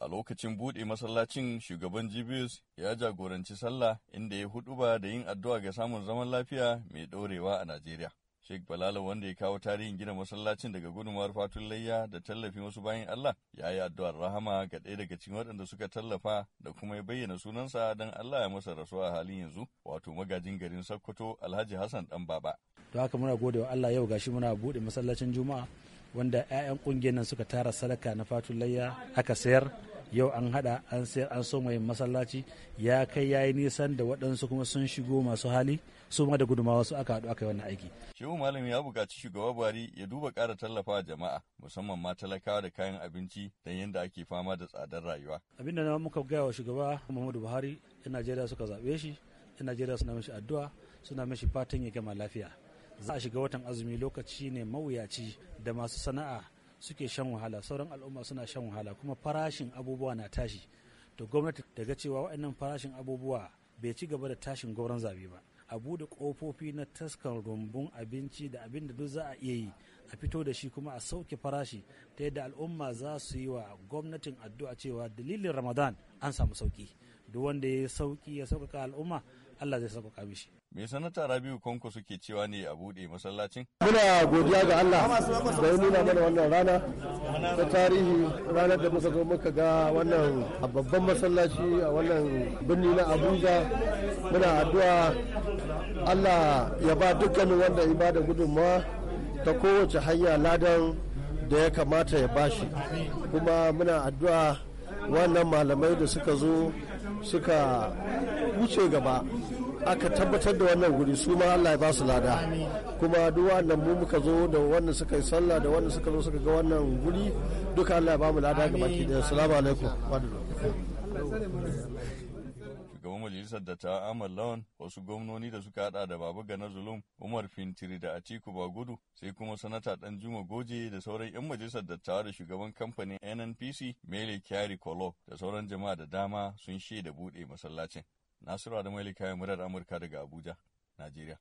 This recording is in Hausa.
A lokacin buɗe masallacin shugaban Jibius ya jagoranci sallah inda ya ba da yin addu'a ga samun zaman lafiya mai ɗorewa a Najeriya. Sheikh Balala wanda ya kawo tarihin gina masallacin daga gudunmawar fatun layya da tallafin wasu bayan Allah ya yi addu'ar rahama ga ɗaya daga cikin waɗanda suka tallafa da kuma ya bayyana sunansa don Allah ya masa rasuwa a halin yanzu wato magajin garin Sokoto Alhaji Hassan Dan Baba. Don haka muna gode wa Allah yau gashi muna buɗe masallacin Juma'a wanda 'ya'yan ƙungiyar nan suka tara sadaka na fatulayya aka sayar yau an hada an sayar an so mai masallaci ya kai ya yi nisan da waɗansu kuma sun shigo masu hali su ma da gudumawa su aka haɗu aka yi wannan aiki. Shehu Malam ya buƙaci shugaba Buhari ya duba ƙara tallafa jama'a musamman ma talakawa da kayan abinci don yadda ake fama da tsadar rayuwa. Abin da na muka gaya wa shugaba Muhammadu Buhari 'yan Najeriya suka zaɓe shi 'yan Najeriya suna mishi addu'a suna mishi fatan ya gama lafiya. za a shiga watan azumi lokaci ne mawuyaci da masu sana'a suke shan wahala sauran al'umma suna shan wahala kuma farashin abubuwa na tashi to gwamnati daga cewa waɗannan farashin abubuwa bai ci gaba da tashin gwauron zabe ba a bude kofofi na taskan rumbun abinci da abin da duk za a iya yi a fito da shi kuma a sauke farashi ta yadda al'umma za su yi wa gwamnatin addu'a cewa dalilin ramadan an samu sauki duk wanda ya sauki ya sauƙaƙa al'umma Allah zai sauƙaƙa mishi. Me sanata Rabiu Konko suke cewa ne a buɗe masallacin? Muna godiya ga Allah da ya nuna mana wannan rana ta tarihi ranar da muka zo muka ga wannan babban masallaci a wannan birni na Abuja. Muna addu'a Allah ya ba dukkanin wanda da gudunmawa ta kowace hanya ladan da ya kamata ya bashi. Kuma muna addu'a wannan malamai da suka zo suka wuce gaba aka tabbatar da wannan guri su ma Allah ya ba su lada kuma duk wannan mu muka zo da wannan suka yi sallah da wannan suka zo suka ga wannan guri duka Allah ya ba mu lada gaba ki da assalamu alaikum shugaban majalisar dattawa amal Lawan wasu gwamnoni da suka hada da Baba Gana Zulum, Umar Fintiri da Atiku Bagudu, sai kuma sanata Danjuma Goje da sauran 'yan majalisar dattawa da shugaban kamfanin NNPC Mele Kyari Kolo da sauran jama'a da dama sun shaida bude masallacin. Nasiru Adamali kayan murar Amurka daga Abuja, Najeriya.